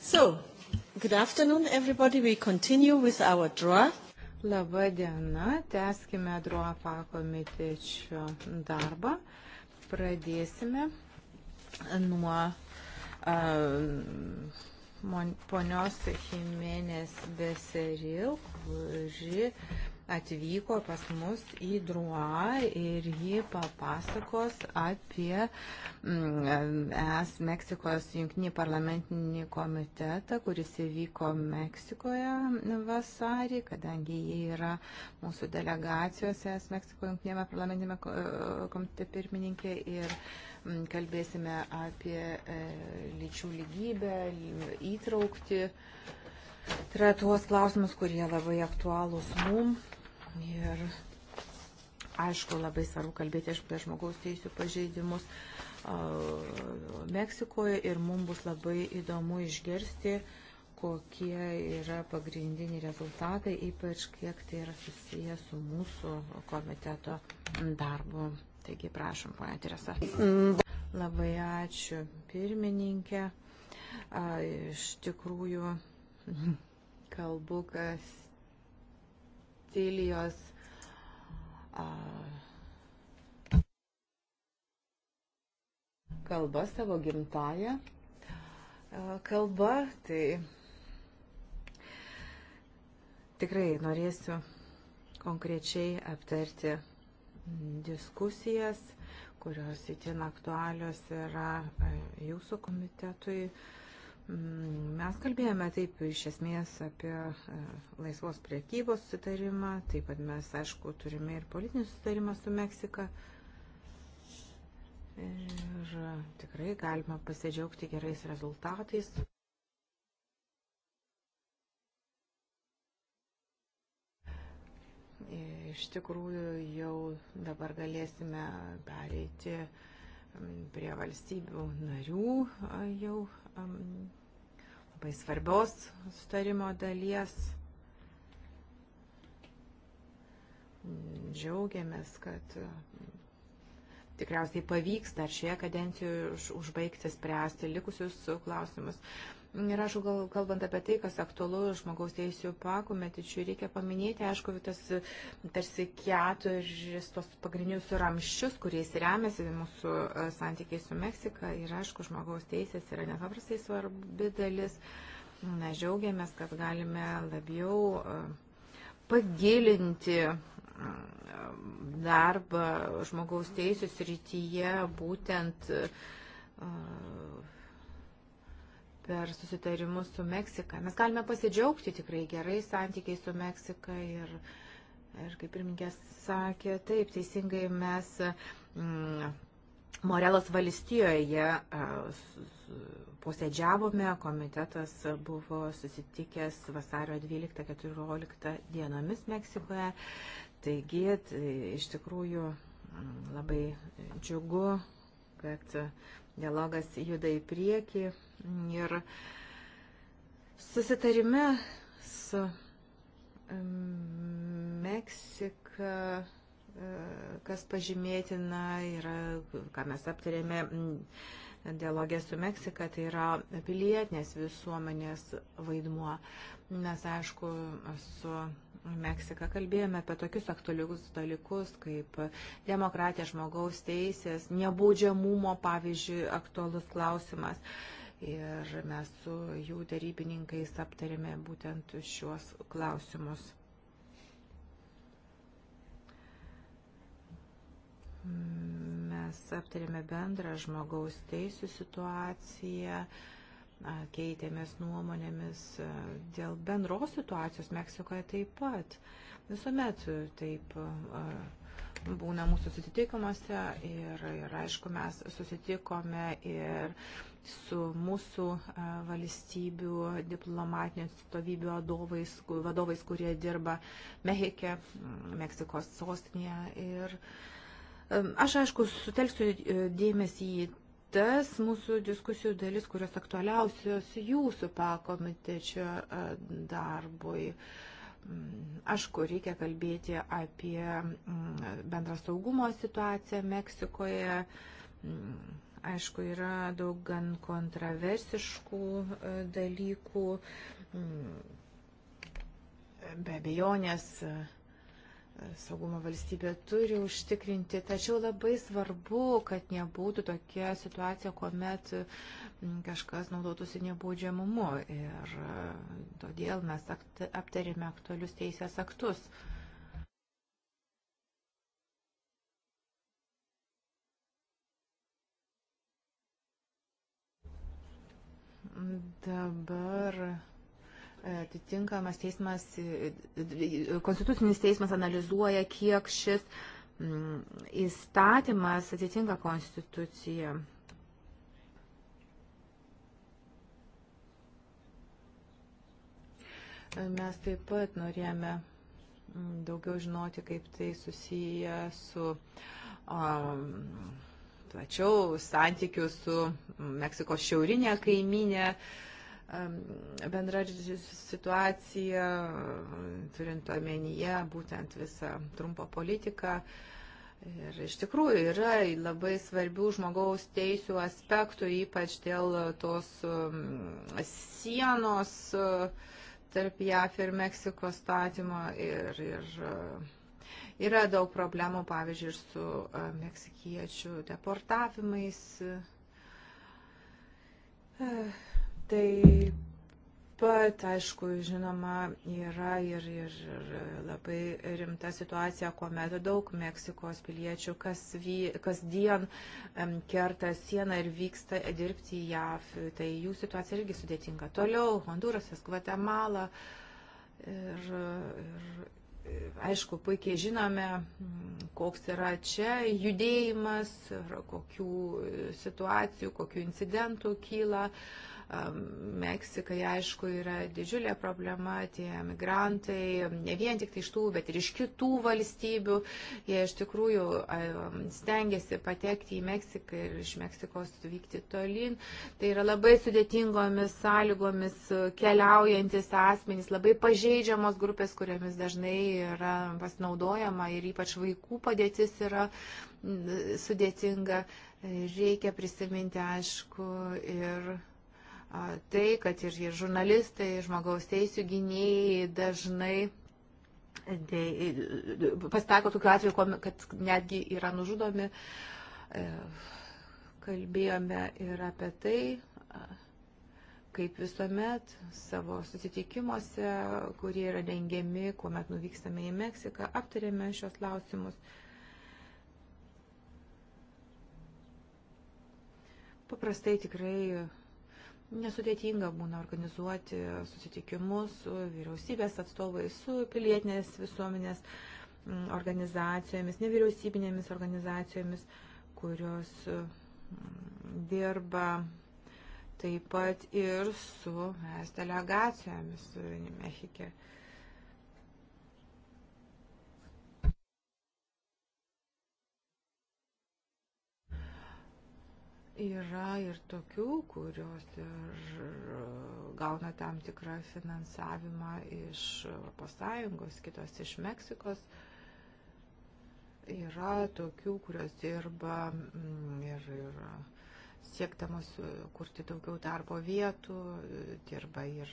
So, good afternoon, everybody. We continue with our draw. Labą dieną, tęskime draw pakomitečio darbą. Pradėsime nuo uh, ponios Jimenės Beseril, kuri uh, atvyko pas mus į Drua ir ji papasakos apie mm, ES Meksikos jungtinį parlamentinį komitetą, kuris įvyko Meksikoje vasarį, kadangi jie yra mūsų delegacijos ES Meksiko jungtinėme parlamentinėme e, komitete pirmininkė ir mm, kalbėsime apie e, lyčių lygybę, įtraukti. Tai yra tuos klausimus, kurie labai aktualūs mum. Ir aišku, labai svarbu kalbėti apie žmogaus teisų pažeidimus Meksikoje ir mums bus labai įdomu išgirsti, kokie yra pagrindiniai rezultatai, ypač kiek tai yra susiję su mūsų komiteto darbu. Taigi prašom, ponia Teresa. Labai ačiū, pirmininkė. Iš tikrųjų, kalbu, kas Brazilijos. Kalba savo gimtają kalba, tai tikrai norėsiu konkrečiai aptarti diskusijas, kurios įtin aktualios yra jūsų komitetui. Uh, Mm, mes kalbėjome taip iš esmės apie e, laisvos priekybos sutarimą, taip pat mes, aišku, turime ir politinį sutarimą su Meksika. Ir tikrai galima pasidžiaugti gerais rezultatais. Iš tikrųjų jau dabar galėsime pereiti uh, prie valstybių narių jau labai svarbios sutarimo dalies. Džiaugiamės, kad tikriausiai pavyks dar šioje kadencijoje užbaigti spręsti likusius klausimus. Ir aš gal, kalbant apie tai, kas aktualu žmogaus teisų pakometičių, reikia paminėti, aišku, tas tarsi keturis tos pagrindinius ramščius, kuriais remiasi mūsų e, santykiai su Meksika. Ir aišku, žmogaus teisės yra nepaprastai svarbi dalis. Na, žiaugiamės, kad galime labiau e, pagilinti darbą žmogaus teisų srityje būtent uh, per susitarimus su Meksika. Mes galime pasidžiaugti tikrai gerai santykiai su Meksika ir, ir kaip pirminkės sakė, taip, teisingai mes mm, Morelos valstijoje posėdžiavome, komitetas buvo susitikęs vasario 12-14 dienomis Meksikoje, taigi tai, iš tikrųjų mm, labai džiugu, kad Dialogas juda į priekį ir susitarime su Meksika e, kas pažymėtina yra, ką mes aptarėme dialogė su Meksika, tai yra pilietinės visuomenės vaidmuo. Mes, aišku, su Meksiką. Kalbėjome apie tokius aktualius dalykus kaip demokratija, žmogaus teisės, nebaudžiamumo, pavyzdžiui, aktualus klausimas. Ir mes su jų darybininkais aptarėme būtent šiuos klausimus. Mes aptarėme bendrą žmogaus teisų situaciją. Uh, keitėmės nuomonėmis dėl bendros situacijos Meksikoje taip pat. Visuomet taip būna mūsų susitikimuose ir, ir aišku, mes susitikome ir su mūsų valstybių diplomatinių atstovybių vadovais, vadovais, kurie dirba Mehike, Meksikos sostinėje. Ir aš, aišku, sutelksiu e, dėmesį į tas mūsų diskusijų dalis, kurios aktualiausios jūsų pakomitečio e, darbui. Mm, aišku, reikia kalbėti apie mm, bendrą saugumo situaciją Meksikoje. Mm, aišku, yra daug gan kontraversiškų e, dalykų. Be abejonės. Nes saugumo valstybė turi užtikrinti. Tačiau labai svarbu, kad nebūtų tokia situacija, kuomet mm, kažkas naudotųsi nebaudžiamumu. Ir e, todėl mes aptarėme aktualius teisės aktus. Dabar atitinkamas teismas, konstitucinis teismas analizuoja, kiek šis mm, įstatymas atitinka konstituciją. Mes taip pat norėjome mm, daugiau žinoti, kaip tai susiję su um, plačiau santykiu su Meksikos šiaurinė kaiminė. Uh, bendra situacija, turint omenyje būtent visą trumpą politiką. Ir iš tikrųjų yra labai svarbių žmogaus teisų aspektų, ypač dėl tos sienos e, tarp JAF ir Meksikos statymo. Ir, ir e, yra daug problemų, pavyzdžiui, ir su e, meksikiečių deportavimais. Uh. Taip pat, aišku, žinoma, yra ir, ir, ir labai rimta situacija, kuomet daug Meksikos piliečių kas vy, kasdien kerta sieną ir vyksta dirbti į JAV. Tai jų situacija irgi sudėtinga. Toliau Hondurasas, Gvatemala. Ir, ir, aišku, puikiai žinome, mm, koks yra čia judėjimas, kokių situacijų, kokių incidentų kyla. Uh, Meksikai, aišku, yra didžiulė problema, tie migrantai, ne vien tik tai iš tų, bet ir iš kitų valstybių. Jie iš tikrųjų stengiasi patekti į Meksiką ir iš Meksikos vykti tolin. Tai yra labai sudėtingomis sąlygomis keliaujantis asmenys, labai pažeidžiamos grupės, kuriamis dažnai yra pasinaudojama ir ypač vaikų padėtis yra sudėtinga. Reikia prisiminti, aišku, ir tai, kad ir, ir žurnalistai, ir žmogaus teisų gynėjai dažnai tai, pasitaiko tokiu atveju, kad netgi yra nužudomi. E, kalbėjome ir apie tai, kaip visuomet savo susitikimuose, kurie yra rengiami, kuomet nuvykstame į Meksiką, aptarėme šios klausimus. Paprastai tikrai Nesudėtinga būna organizuoti susitikimus su vyriausybės atstovais, su pilietinės visuomenės mm, organizacijomis, nevyriausybinėmis organizacijomis, kurios mm, dirba taip pat ir su mes delegacijomis Mexike. Uh, Yra ir tokių, kurios ir e, gauna tam tikrą finansavimą iš ES, kitos iš Meksikos. Yra tokių, kurios dirba mm, ir, ir siektamos kurti daugiau darbo vietų, dirba ir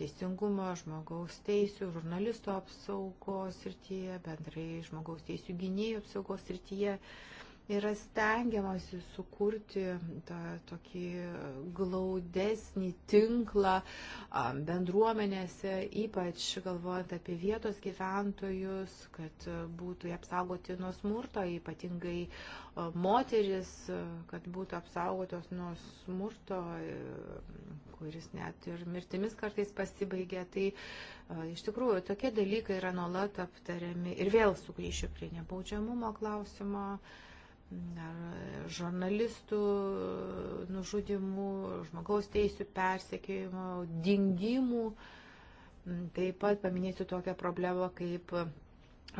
teisingumo, žmogaus teisų, žurnalisto apsaugos srityje, bendrai žmogaus teisų gynėjų apsaugos srityje. Uh, yra stengiamasi sukurti tą tokį glaudesnį tinklą bendruomenėse, ypač galvojant apie vietos gyventojus, kad būtų apsaugoti nuo smurto, ypatingai moteris, kad būtų apsaugotos nuo smurto, e, kuris net ir mirtimis kartais pasibaigia. Tai iš tikrųjų tokie dalykai yra nuolat aptariami. Ir vėl sugrįšiu prie nebaudžiamumo klausimo. Uh, ar e, žurnalistų e, nužudimų, žmogaus teisų persekiojimo, dingimų. Mm, Taip pat paminėsiu tokią problemą kaip e,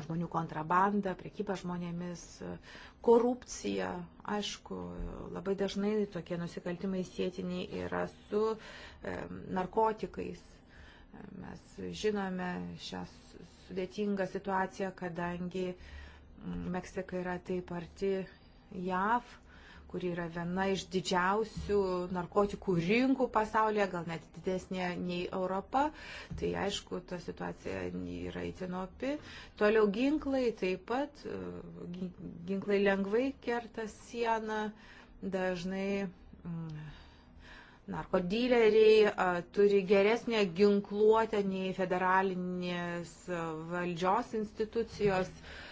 žmonių kontrabanda, priekyba žmonėmis, korupcija. Aišku, labai dažnai tokie nusikaltimai sėtiniai yra su narkotikais. Mes žinome šią sudėtingą situaciją, kadangi uh, Meksika yra taip arti JAV, kuri yra viena iš didžiausių narkotikų rinkų pasaulyje, gal net didesnė nei Europa. Tai aišku, ta situacija yra įtinopi. Toliau ginklai taip pat, ginklai lengvai kerta sieną, dažnai. Mm, narkodyleriai a, turi geresnę ginkluotę nei federalinės valdžios institucijos. Mm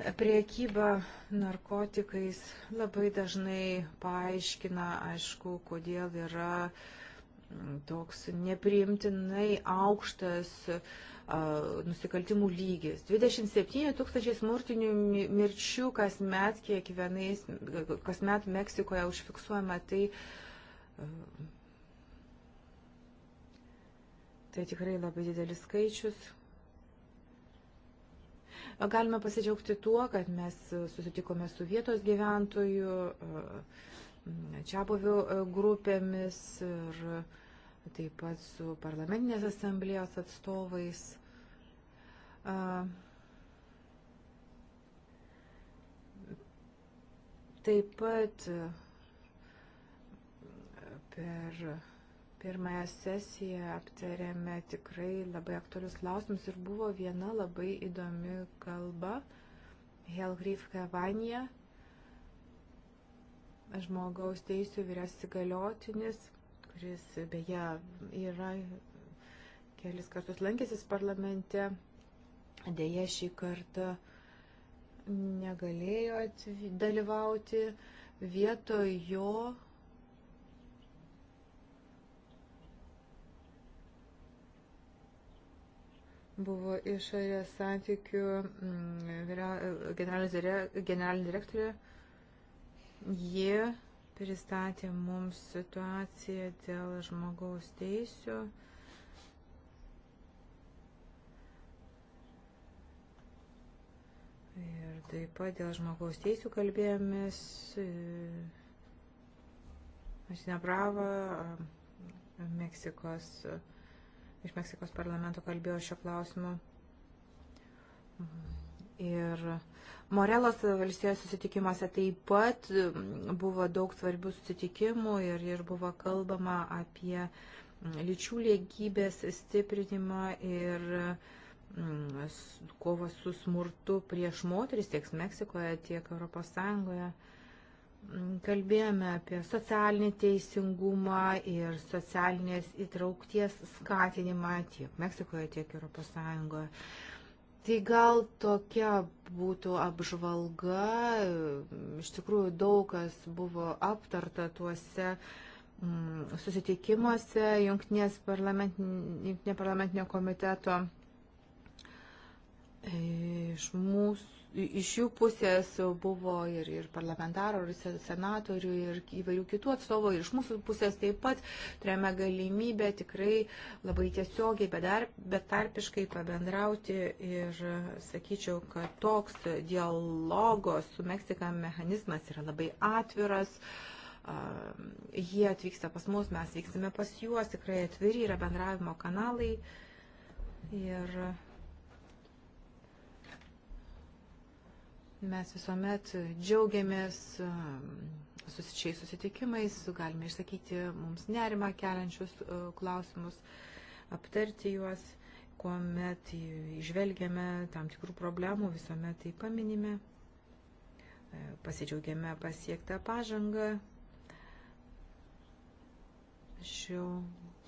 Priekyba narkotikais labai dažnai paaiškina, aišku, kodėl yra mm, toks nepriimtinai aukštas nusikaltimų lygis. 27 tūkstančiai smurtinių mirčių kasmet kiekvienais, kasmet Meksikoje užfiksuojama, tai, tai tikrai labai didelis skaičius. Galime pasidžiaugti tuo, kad mes susitikome su vietos gyventojų, e, čia buvių e, grupėmis ir taip pat su parlamentinės asamblėjos atstovais. Taip pat e, per pirmąją sesiją aptarėme tikrai labai aktualius klausimus ir buvo viena labai įdomi kalba Helgrif Kavanija, žmogaus teisų vyriausias galiotinis, kuris beje yra kelis kartus lankęsis parlamente, dėja šį kartą negalėjo dalyvauti, vietoj jo buvo išorės santykių mm, generalinė direktorė. Jie pristatė mums situaciją dėl žmogaus teisių. Ir taip pat dėl žmogaus teisų kalbėjomės. E, Aš nebravo Meksikos. E, iš Meksikos parlamento kalbėjo šio klausimu. Ir Morelos valstijos susitikimuose taip pat mm, buvo daug svarbių susitikimų ir, ir buvo kalbama apie mm, lyčių lygybės stiprinimą ir mm, kovą su smurtu prieš moteris tiek Meksikoje, tiek Europos Sąjungoje kalbėjome apie socialinį teisingumą ir socialinės įtraukties skatinimą tiek Meksikoje, tiek ES. Tai gal tokia būtų apžvalga, iš tikrųjų daug kas buvo aptarta tuose mm, susitikimuose Junktinės parlamentinio komiteto iš mūsų iš jų pusės buvo ir, ir parlamentarų, ir senatorių, ir įvairių kitų atstovų, ir iš mūsų pusės taip pat turėjome galimybę tikrai labai tiesiogiai, betarpiškai pabendrauti ir sakyčiau, kad toks dialogo su Meksika mechanizmas yra labai atviras. Jie atvyksta pas mus, mes vyksime pas juos, tikrai atviri yra bendravimo kanalai. Ir Mes visuomet džiaugiamės um, susičiais susitikimais, galime išsakyti mums nerimą keliančius uh, klausimus, aptarti juos, kuomet išvelgiame tam tikrų problemų, visuomet tai paminime, e, pasidžiaugiame pasiektą pažangą. Šio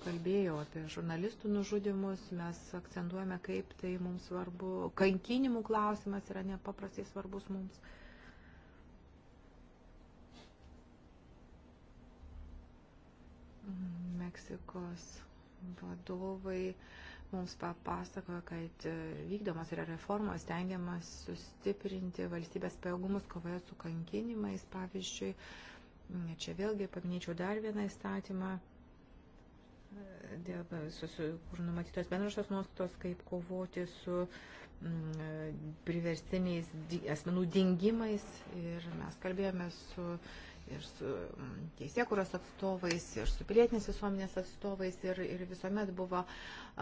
kalbėjau apie žurnalistų nužudimus, mes akcentuojame, kaip tai mums svarbu. Kankinimų klausimas yra nepaprastai svarbus mums. Meksikos vadovai mums papasakojo, kad vykdomas yra reformos, tengiamas sustiprinti valstybės pajėgumus kovoje su kankinimais, pavyzdžiui. Čia vėlgi paminėčiau dar vieną įstatymą dėl, e, su, su, kur numatytos bendrošos nuostatos, kaip kovoti su m, mm, e, priverstiniais di, asmenų dingimais. Ir mes kalbėjome su ir su mm, teisėkuros atstovais, ir su pilietinės visuomenės atstovais, ir, ir visuomet buvo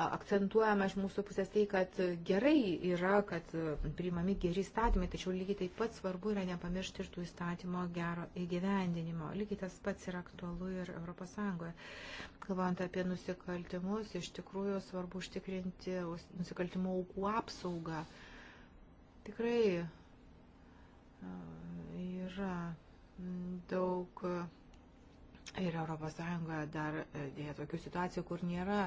akcentuojama iš mūsų pusės tai, kad gerai yra, kad mm, priimami geri įstatymai, tačiau lygiai taip pat svarbu yra nepamiršti ir tų įstatymo gero įgyvendinimo. Lygiai tas pats yra aktualu ir ES. Kalbant apie nusikaltimus, iš tikrųjų svarbu užtikrinti nusikaltimo aukų apsaugą. Tikrai yra daug ir ES dar e, dėja tokių situacijų, kur nėra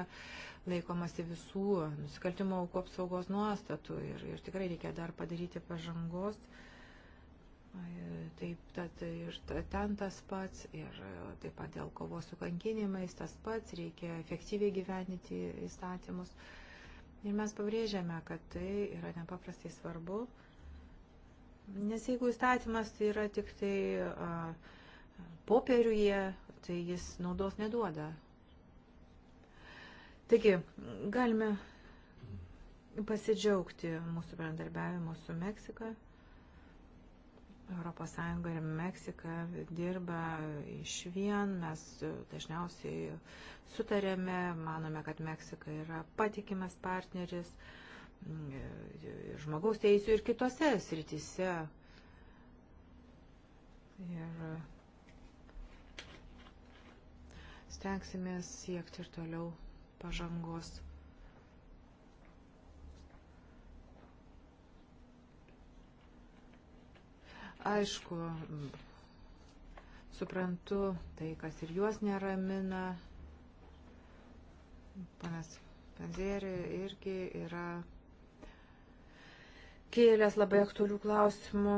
laikomasi visų nusikaltimo aukų apsaugos nuostatų ir, ir tikrai reikia dar padaryti pažangos. E, taip, tad ir ten tas pats, ir e, taip pat dėl kovos su kankinimais tas pats, reikia efektyviai gyveninti įstatymus. Ir mes pabrėžiame, kad tai yra nepaprastai svarbu. Uh, Nes jeigu įstatymas tai yra tik tai popieriuje, tai jis naudos neduoda. Taigi, galime pasidžiaugti mūsų bendarbiavimu su Meksika. ES ir Meksika dirba iš vien, mes dažniausiai sutarėme, manome, kad Meksika yra patikimas partneris. Uh, Mm, žmogaus teisų ir kitose sritise. Ir e, stengsimės siekti ir toliau pažangos. Aišku, suprantu tai, kas ir juos neramina. Panas Panzerė irgi yra kėlęs labai aktualių klausimų.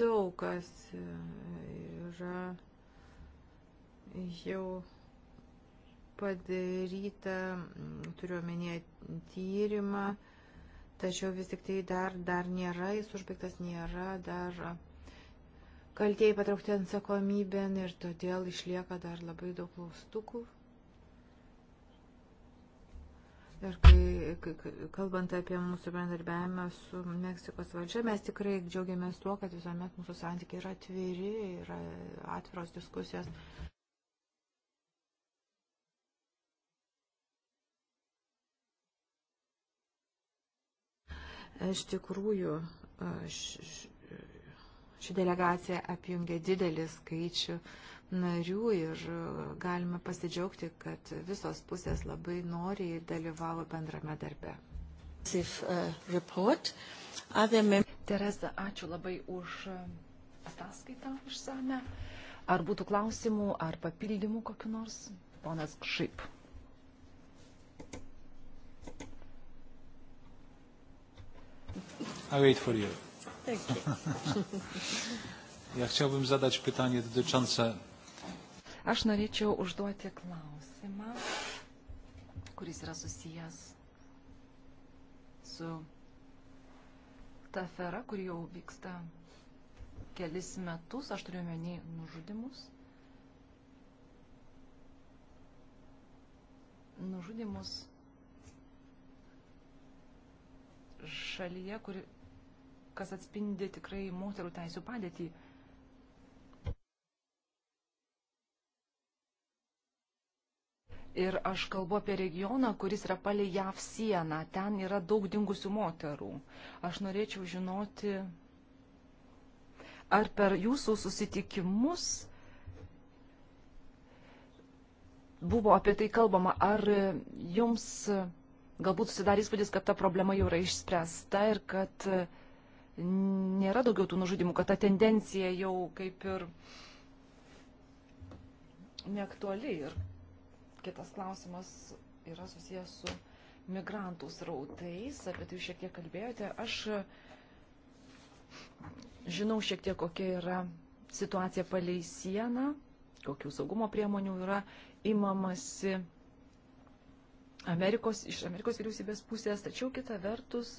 Daug kas e, yra jau padaryta, turiuomenėje tyrimą, tačiau vis tik tai dar, dar nėra, jis užbaigtas nėra, dar kaltieji patraukti atsakomybėn ir todėl išlieka dar labai daug klaustukų Ir kai, kai kalbant apie mūsų bendarbiavimą su Meksikos valdžia, mes tikrai džiaugiamės tuo, kad visuomet mūsų santykiai yra atviri, yra atviros diskusijos. Iš tikrųjų, ši delegacija apjungia didelį skaičių narių ir e, galime pasidžiaugti, kad visos pusės labai noriai dalyvavo bendrame darbe. Uh, Teresa, ačiū labai už e, ataskaitą išsame. Ar būtų klausimų, ar papildymų kokiu nors? Ponas Šaip. I wait for you. Thank you. ja chciałbym zadać pytanie dotyczące Aš norėčiau užduoti klausimą, kuris yra susijęs su ta afera, kuri jau vyksta kelis metus, aš turiu menį nužudimus. Nužudimus šalyje, kuri, kas atspindi tikrai moterų teisų padėtį Ir aš kalbu apie regioną, kuris yra palei JAV sieną. Ten yra daug dingusių moterų. Aš norėčiau žinoti, ar per jūsų susitikimus buvo apie tai kalbama, ar jums galbūt susidarys įspūdis, kad ta problema jau yra išspręsta ir kad nėra daugiau tų nužudimų, kad ta tendencija jau kaip ir neaktuali ir Kitas klausimas yra susijęs su migrantų srautais, apie tai jūs šiek tiek kalbėjote. Aš žinau šiek tiek, kokia yra situacija palei sieną, kokių saugumo priemonių yra imamasi Amerikos, iš Amerikos vyriausybės pusės, tačiau kita vertus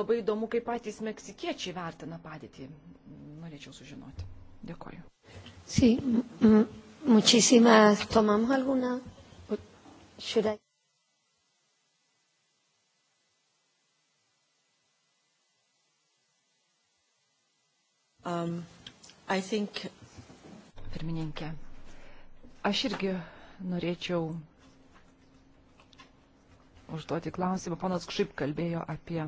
labai įdomu, kaip patys meksikiečiai vertina padėtį. Norėčiau sužinoti. Dėkoju. Sí, muchísimas. Tomamos alguna. Should I? Um, I think. Pirmininkė, aš irgi norėčiau užduoti klausimą. Ponas Kšyp kalbėjo apie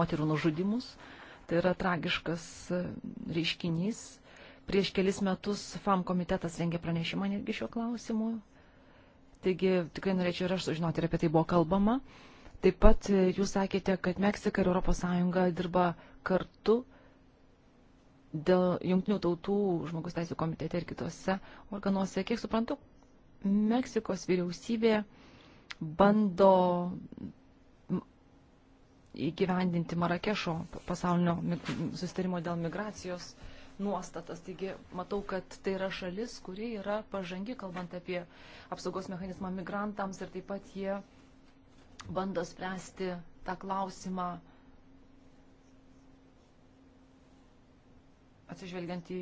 moterų nužudimus. Uh, Tai yra tragiškas e, reiškinys. Prieš kelis metus FAM komitetas rengė pranešimą netgi šiuo klausimu. Taigi tikrai norėčiau ir aš sužinoti, ir apie tai buvo kalbama. Taip pat e, jūs sakėte, kad Meksika ir ES dirba kartu dėl jungtinių tautų žmogus teisų komitete ir kitose organuose. Kiek suprantu, Meksikos vyriausybė bando įgyvendinti Marakešo pasaulinio susitarimo dėl migracijos nuostatas. Taigi matau, kad tai yra šalis, kuri yra pažangi, kalbant apie apsaugos mechanizmą migrantams ir taip pat jie bando spręsti tą klausimą atsižvelgiant į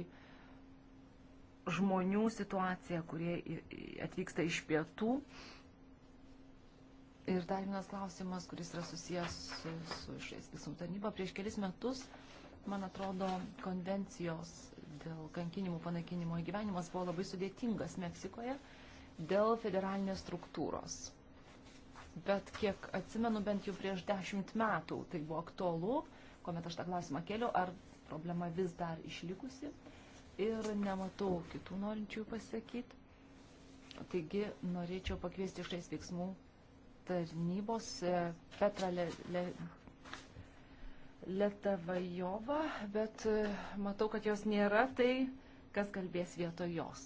žmonių situaciją, kurie atvyksta iš pietų Ir dar vienas klausimas, kuris yra susijęs su, su išorės veiksmų tarnyba. Prieš kelis metus, man atrodo, konvencijos dėl kankinimų panaikinimo įgyvenimas buvo labai sudėtingas Meksikoje dėl federalinės struktūros. Bet kiek atsimenu, bent jau prieš dešimt metų tai buvo aktualu, kuomet aš tą klausimą keliu, ar problema vis dar išlikusi. Ir nematau kitų norinčių pasakyti. Taigi norėčiau pakviesti išorės veiksmų tarnybos e, Petra Le, Le, Letavajova, bet e, matau, kad jos nėra, tai kas kalbės vietoj jos.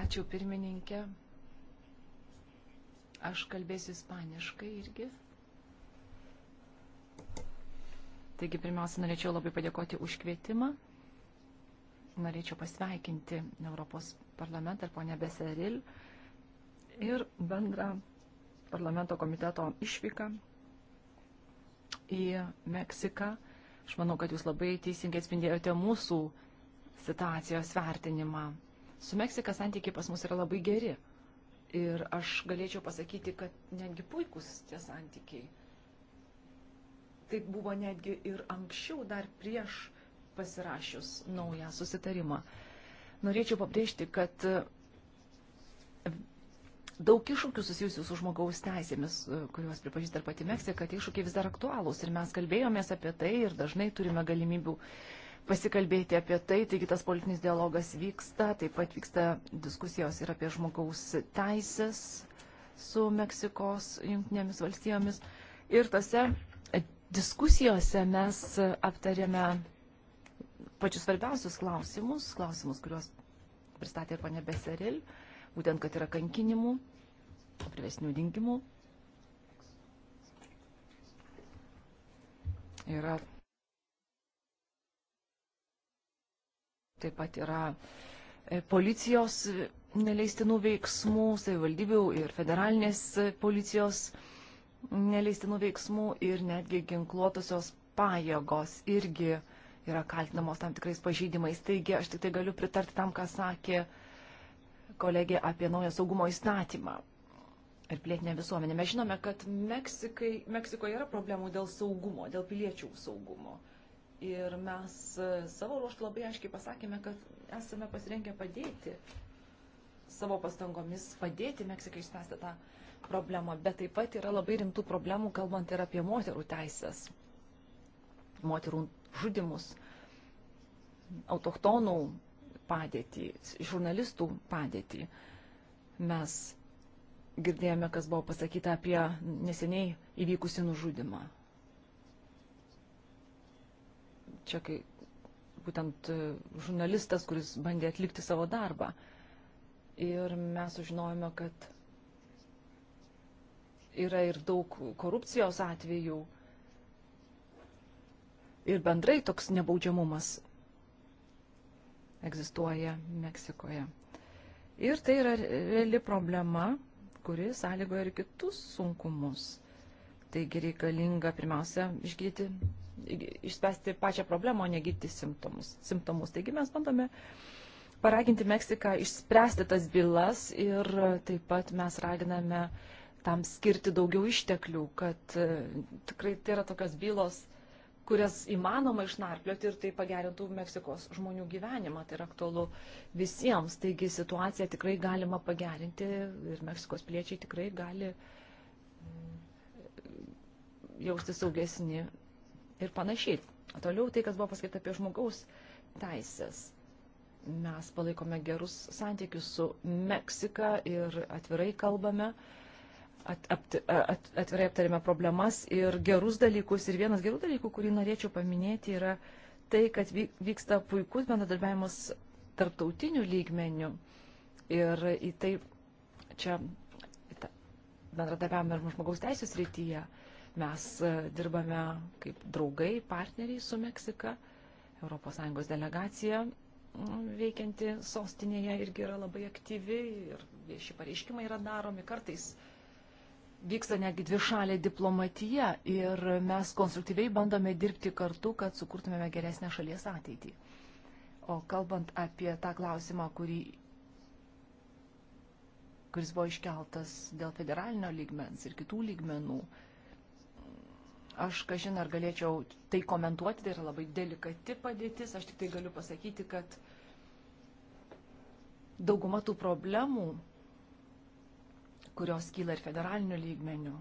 Ačiū pirmininkė. Aš kalbėsiu ispaniškai irgi. Taigi pirmiausia, norėčiau labai padėkoti už kvietimą. Norėčiau pasveikinti Europos parlamentą ir ponę Beseril ir bendrą parlamento komiteto išvyką į Meksiką. Aš manau, kad jūs labai teisingai atspindėjote mūsų situacijos vertinimą. Su Meksika santykiai pas mus yra labai geri. Ir aš galėčiau pasakyti, kad netgi puikus tie santykiai. Taip buvo netgi ir anksčiau, dar prieš pasirašius naują susitarimą norėčiau pabrėžti, kad e, daug iššūkių susijusių su žmogaus teisėmis, e, kuriuos pripažįsta ir pati Meksika, tie iššūkiai vis dar aktualūs ir mes kalbėjomės apie tai ir dažnai turime galimybių pasikalbėti apie tai, taigi tas politinis dialogas vyksta, taip pat vyksta diskusijos ir apie žmogaus teisės su Meksikos jungtinėmis valstijomis. Ir tose e, diskusijose mes aptarėme pačius svarbiausius klausimus, klausimus, kuriuos pristatė ir ponė Beseril, būtent, kad yra kankinimų, privesnių dingimų. Yra taip pat yra e, policijos neleistinų veiksmų, savivaldybių ir federalinės policijos neleistinų veiksmų ir netgi ginkluotosios pajėgos irgi uh, yra kaltinamos tam tikrais pažeidimais. Taigi aš tik tai galiu pritarti tam, ką sakė kolegė apie naują saugumo įstatymą ir plėtinę visuomenę. Mes žinome, kad Meksikai, Meksikoje yra problemų dėl saugumo, dėl piliečių saugumo. Ir mes e, savo ruoštų labai aiškiai pasakėme, kad esame pasirengę padėti savo pastangomis, padėti Meksikai išspręsti tą problemą. Bet taip pat yra labai rimtų problemų, kalbant ir apie moterų teisės moterų žudimus, autochtonų padėtį, žurnalistų padėtį. Mes girdėjome, kas buvo pasakyta apie neseniai įvykusi nužudimą. Čia kai būtent e, žurnalistas, kuris bandė atlikti savo darbą. Ir mes sužinojome, kad yra ir daug korupcijos atvejų ir bendrai toks nebaudžiamumas egzistuoja Meksikoje. Ir tai yra reali problema, kuri sąlygoja ir kitus sunkumus. Taigi reikalinga pirmiausia išgydyti, išspręsti pačią problemą, o negydyti simptomus. simptomus. Taigi mes bandome paraginti Meksiką išspręsti tas bylas ir taip pat mes raginame tam skirti daugiau išteklių, kad e, tikrai tai yra tokios bylos, kurias įmanoma išnarplioti ir tai pagerintų Meksikos žmonių gyvenimą. Tai yra aktualu visiems. Taigi situaciją tikrai galima pagerinti ir Meksikos piliečiai tikrai gali mm, jausti saugesni ir panašiai. Toliau tai, kas buvo pasakyta apie žmogaus teisės. Mes palaikome gerus santykius su Meksika ir atvirai kalbame. Uh, at, at, at, atvirai aptarėme problemas ir gerus dalykus. Ir vienas gerų dalykų, kurį norėčiau paminėti, yra tai, kad vyksta puikus bendradarbiavimas tarptautinių lygmenių. Ir į tai čia bendradarbiavame ir žmogaus teisės rytyje. Mes dirbame kaip draugai, partneriai su Meksika. ES delegacija veikianti sostinėje irgi yra labai aktyvi ir vieši pareiškimai yra daromi. Kartais uh, vyksta netgi dvišalė diplomatija ir mes konstruktyviai bandome dirbti kartu, kad sukurtumėme geresnę šalies ateitį. O kalbant apie tą klausimą, kurį, kuris buvo iškeltas dėl federalinio lygmens ir kitų lygmenų, aš kažin ar galėčiau tai komentuoti, tai yra labai delikati padėtis, aš tik tai galiu pasakyti, kad dauguma tų problemų kurios kyla ir federaliniu lygmeniu,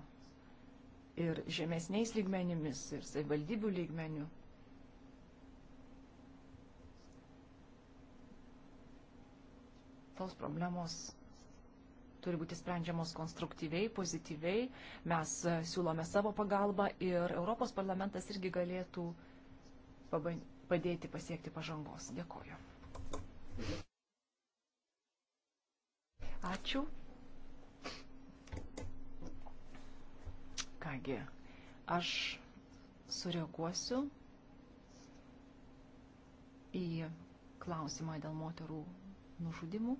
ir žemesniais lygmenimis, ir savivaldybių lygmeniu. Tos problemos turi būti sprendžiamos konstruktyviai, pozityviai. Mes e, siūlome savo pagalbą ir Europos parlamentas irgi galėtų padėti pasiekti pažangos. Dėkoju. Ačiū. Kągi, aš sureaguosiu į klausimą dėl moterų nužudimų.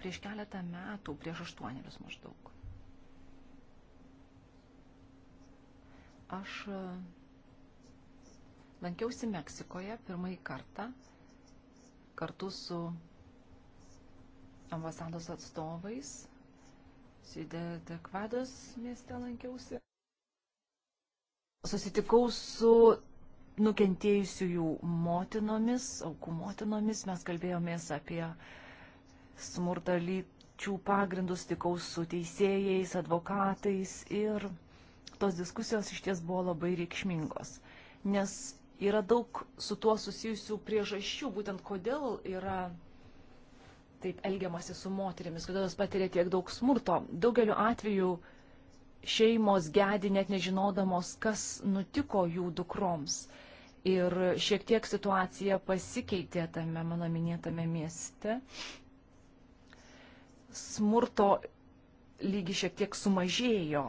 Prieš keletą metų, prieš aštuonerius maždaug, aš lankiausi Meksikoje pirmąjį kartą kartu su ambasados atstovais Sidė Tekvadas mieste lankiausi. Susitikau su nukentėjusiųjų motinomis, aukų motinomis, mes kalbėjomės apie smurtą lyčių pagrindus, tikau su teisėjais, advokatais ir tos diskusijos iš ties buvo labai reikšmingos, nes yra daug su tuo susijusių priežasčių, būtent kodėl yra taip elgiamasi su moterimis, kodėl jos patiria tiek daug smurto. Daugeliu atveju šeimos gedi net nežinodamos, kas nutiko jų dukroms. Ir šiek tiek situacija pasikeitė tame mano minėtame mieste. Smurto lygi šiek tiek sumažėjo.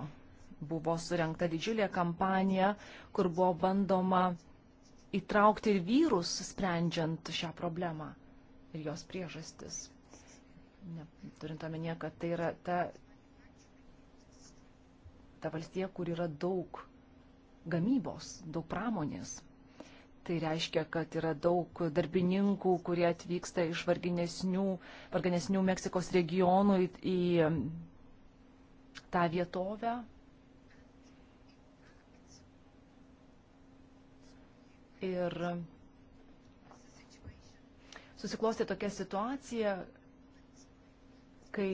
Buvo surenkta didžiulė kampanija, kur buvo bandoma įtraukti ir vyrus, sprendžiant šią problemą ir jos priežastis ne, turint omenyje, kad tai yra ta, ta valstija, kur yra daug gamybos, daug pramonės. Tai reiškia, kad yra daug darbininkų, kurie atvyksta iš varginesnių, varginesnių Meksikos regionų į, į tą vietovę. Ir susiklostė tokia situacija, kai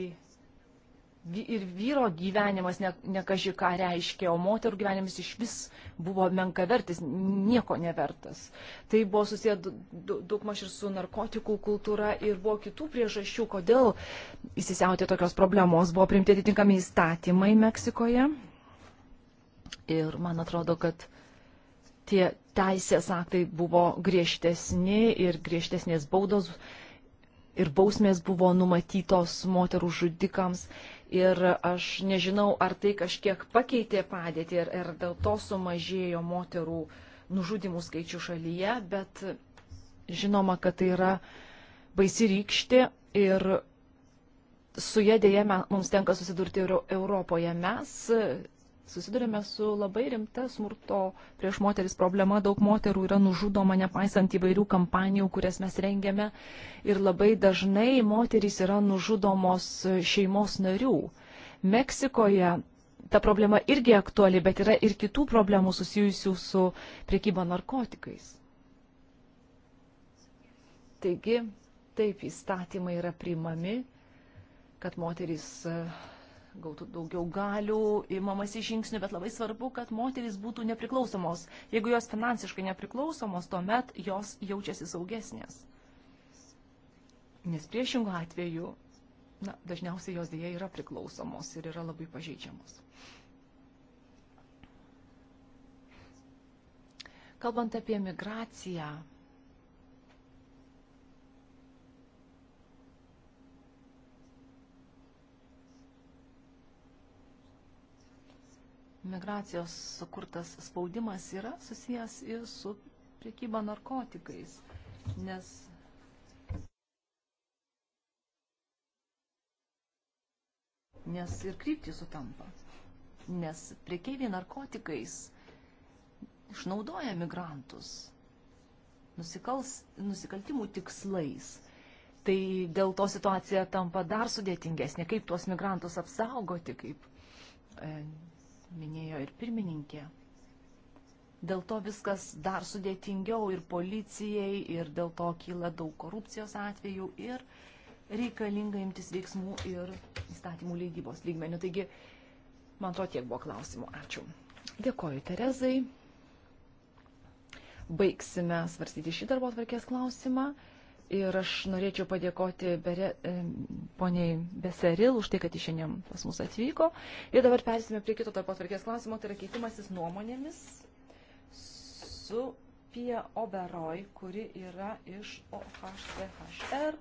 ir vyro gyvenimas ne, ne kaži ką reiškia, o moterų gyvenimas iš vis buvo menkavertis, nieko nevertas. Tai buvo susiję daugmaž ir su narkotikų kultūra ir buvo kitų priežasčių, kodėl įsisiautė tokios problemos. Buvo priimti atitinkami įstatymai Meksikoje. Ir man atrodo, kad tie teisės aktai buvo griežtesni ir griežtesnės baudos buvo ir bausmės buvo numatytos moterų žudikams. Ir aš nežinau, ar tai kažkiek pakeitė padėtį ir, ir dėl to sumažėjo moterų nužudimų skaičių šalyje, bet žinoma, kad tai yra baisi rykštė ir su jie dėje mums tenka susidurti ir Europoje. Mes susidurėme su labai rimta smurto prieš moteris problema. Daug moterų yra nužudoma nepaisant įvairių kampanijų, kurias mes rengiame. Ir labai dažnai moterys yra nužudomos šeimos narių. Meksikoje ta problema irgi aktuali, bet yra ir kitų problemų susijusių su priekyba narkotikais. Taigi, taip įstatymai yra priimami, kad moterys gautų daugiau galių, įmamasi žingsnių, bet labai svarbu, kad moteris būtų nepriklausomos. Jeigu jos finansiškai nepriklausomos, tuomet jos jaučiasi saugesnės. Nes priešingų atveju, na, dažniausiai jos dėja yra priklausomos ir yra labai pažeidžiamos. Kalbant apie migraciją, migracijos sukurtas spaudimas yra susijęs ir su priekyba narkotikais, nes nes ir kryptis sutampa. Nes priekeiviai narkotikais išnaudoja migrantus nusikals, nusikaltimų tikslais. Tai dėl to situacija tampa dar sudėtingesnė, kaip tuos migrantus apsaugoti, kaip e, minėjo ir pirmininkė. Dėl to viskas dar sudėtingiau ir policijai, ir dėl to kyla daug korupcijos atvejų ir reikalinga imtis veiksmų ir įstatymų leidybos lygmenių. Taigi, man to tiek buvo klausimų. Ačiū. Dėkoju, Terezai. Baigsime svarstyti šį darbo atvarkės klausimą. Ir aš norėčiau padėkoti bere, e, poniai Beseril už tai, kad jis šiandien pas mus atvyko. Ir dabar persime prie kito tarp atvarkės klausimo, tai yra keitimasis nuomonėmis su Pia Oberoj, kuri yra iš OHCHR